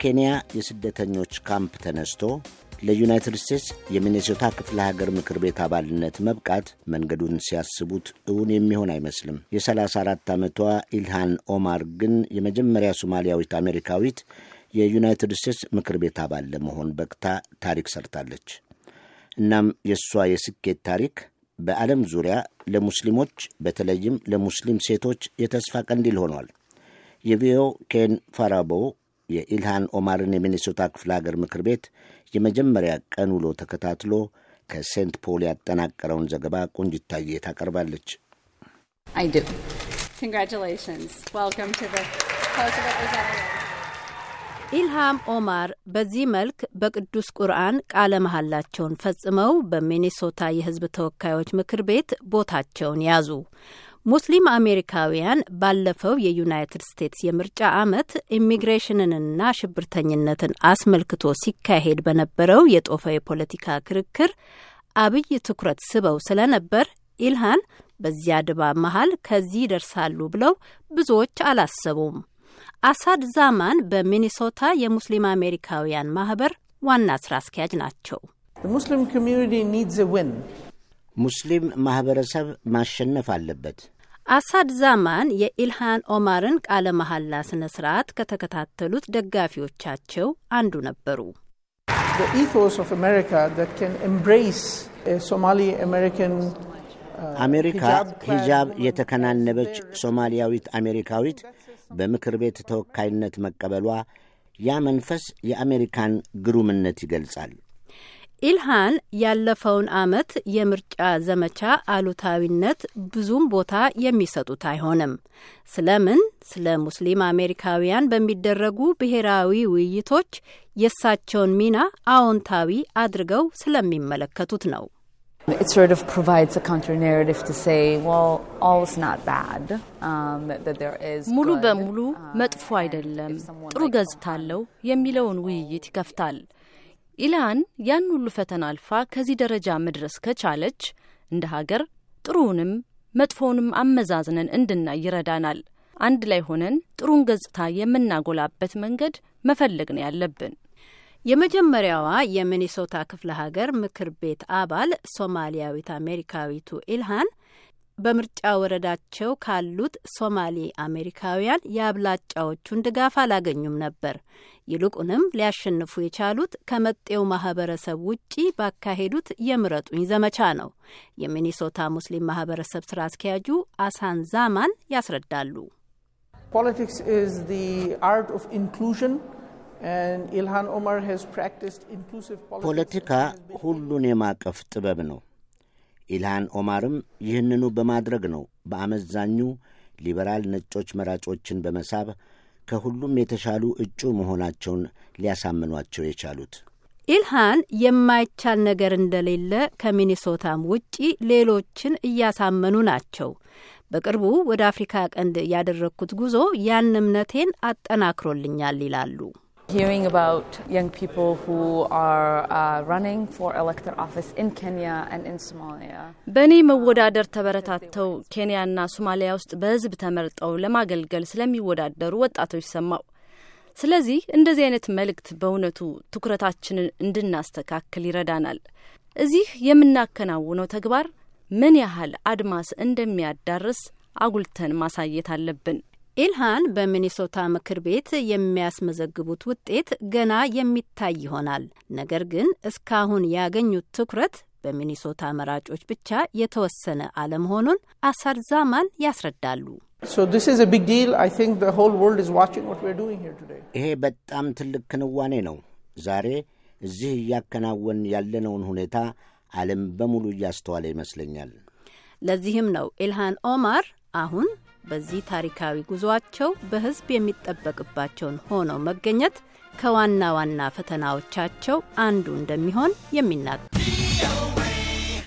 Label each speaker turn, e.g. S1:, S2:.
S1: ከኬንያ የስደተኞች ካምፕ ተነስቶ ለዩናይትድ ስቴትስ የሚኔሶታ ክፍለ ሀገር ምክር ቤት አባልነት መብቃት መንገዱን ሲያስቡት እውን የሚሆን አይመስልም። የ34 ዓመቷ ኢልሃን ኦማር ግን የመጀመሪያ ሶማሊያዊት አሜሪካዊት የዩናይትድ ስቴትስ ምክር ቤት አባል ለመሆን በቅታ ታሪክ ሰርታለች። እናም የእሷ የስኬት ታሪክ በዓለም ዙሪያ ለሙስሊሞች በተለይም ለሙስሊም ሴቶች የተስፋ ቀንዲል ሆኗል። የቪኦኤው ኬን ፋራቦ የኢልሃን ኦማርን የሚኒሶታ ክፍለ ሀገር ምክር ቤት የመጀመሪያ ቀን ውሎ ተከታትሎ ከሴንት ፖል ያጠናቀረውን ዘገባ ቆንጅታየ ታቀርባለች።
S2: ኢልሃም ኦማር በዚህ መልክ በቅዱስ ቁርአን ቃለ መሐላቸውን ፈጽመው በሚኔሶታ የሕዝብ ተወካዮች ምክር ቤት ቦታቸውን ያዙ። ሙስሊም አሜሪካውያን ባለፈው የዩናይትድ ስቴትስ የምርጫ ዓመት ኢሚግሬሽንንና ሽብርተኝነትን አስመልክቶ ሲካሄድ በነበረው የጦፈ የፖለቲካ ክርክር አብይ ትኩረት ስበው ስለነበር ኢልሃን በዚያ ድባብ መሃል ከዚህ ይደርሳሉ ብለው ብዙዎች አላሰቡም። አሳድ ዛማን በሚኒሶታ የሙስሊም አሜሪካውያን ማህበር ዋና ስራ አስኪያጅ ናቸው።
S1: ሙስሊም ማህበረሰብ ማሸነፍ አለበት።
S2: አሳድ ዛማን የኢልሃን ኦማርን ቃለ መሐላ ስነ ስርዓት ከተከታተሉት ደጋፊዎቻቸው አንዱ ነበሩ። uh, አሜሪካ ሂጃብ
S1: የተከናነበች ሶማሊያዊት አሜሪካዊት በምክር ቤት ተወካይነት መቀበሏ ያ መንፈስ የአሜሪካን ግሩምነት ይገልጻል።
S2: ኢልሃን ያለፈውን አመት የምርጫ ዘመቻ አሉታዊነት ብዙም ቦታ የሚሰጡት አይሆንም። ስለምን? ስለ ሙስሊም አሜሪካውያን በሚደረጉ ብሔራዊ ውይይቶች የእሳቸውን ሚና አዎንታዊ አድርገው ስለሚመለከቱት
S3: ነው። um, ሙሉ በሙሉ uh, መጥፎ አይደለም፣ ጥሩ ገጽታ አለው የሚለውን ውይይት ይከፍታል። ኢላን ያን ሁሉ ፈተና አልፋ ከዚህ ደረጃ መድረስ ከቻለች እንደ ሀገር ጥሩውንም መጥፎውንም አመዛዝነን እንድናይ ይረዳናል። አንድ ላይ ሆነን ጥሩን ገጽታ የምናጎላበት መንገድ መፈለግ ነው ያለብን። የመጀመሪያዋ የሚኒሶታ ክፍለ ሀገር ምክር ቤት
S2: አባል ሶማሊያዊት አሜሪካዊቱ ኢልሃን በምርጫ ወረዳቸው ካሉት ሶማሌ አሜሪካውያን የአብላጫዎቹን ድጋፍ አላገኙም ነበር። ይልቁንም ሊያሸንፉ የቻሉት ከመጤው ማህበረሰብ ውጪ ባካሄዱት የምረጡኝ ዘመቻ ነው። የሚኒሶታ ሙስሊም ማህበረሰብ ስራ አስኪያጁ አሳን ዛማን ያስረዳሉ። ፖለቲክስ ኢዝ ፖለቲካ
S1: ሁሉን የማቀፍ ጥበብ ነው። ኢልሃን ኦማርም ይህንኑ በማድረግ ነው በአመዛኙ ሊበራል ነጮች መራጮችን በመሳብ ከሁሉም የተሻሉ እጩ መሆናቸውን ሊያሳምኗቸው የቻሉት።
S2: ኢልሃን የማይቻል ነገር እንደሌለ ከሚኒሶታም ውጪ ሌሎችን እያሳመኑ ናቸው። በቅርቡ ወደ አፍሪካ ቀንድ ያደረግኩት ጉዞ ያን እምነቴን አጠናክሮልኛል ይላሉ።
S3: Hearing about young people who are uh, running for elected office in Kenya and in Somalia. በእኔ መወዳደር ተበረታተው ኬንያና ሶማሊያ ውስጥ በህዝብ ተመርጠው ለማገልገል ስለሚወዳደሩ ወጣቶች ሰማው። ስለዚህ እንደዚህ አይነት መልእክት በእውነቱ ትኩረታችንን እንድናስተካክል ይረዳናል። እዚህ የምናከናውነው ተግባር ምን ያህል አድማስ እንደሚያዳርስ አጉልተን ማሳየት አለብን። ኢልሃን በሚኒሶታ ምክር ቤት የሚያስመዘግቡት
S2: ውጤት ገና የሚታይ ይሆናል። ነገር ግን እስካሁን ያገኙት ትኩረት በሚኒሶታ መራጮች ብቻ የተወሰነ አለመሆኑን አሳድ ዛማን ያስረዳሉ።
S1: ይሄ በጣም ትልቅ ክንዋኔ ነው። ዛሬ እዚህ እያከናወን ያለነውን ሁኔታ ዓለም በሙሉ እያስተዋለ ይመስለኛል።
S2: ለዚህም ነው ኢልሃን ኦማር አሁን በዚህ ታሪካዊ ጉዞአቸው በህዝብ የሚጠበቅባቸውን ሆነው መገኘት ከዋና ዋና ፈተናዎቻቸው አንዱ እንደሚሆን የሚናገሩ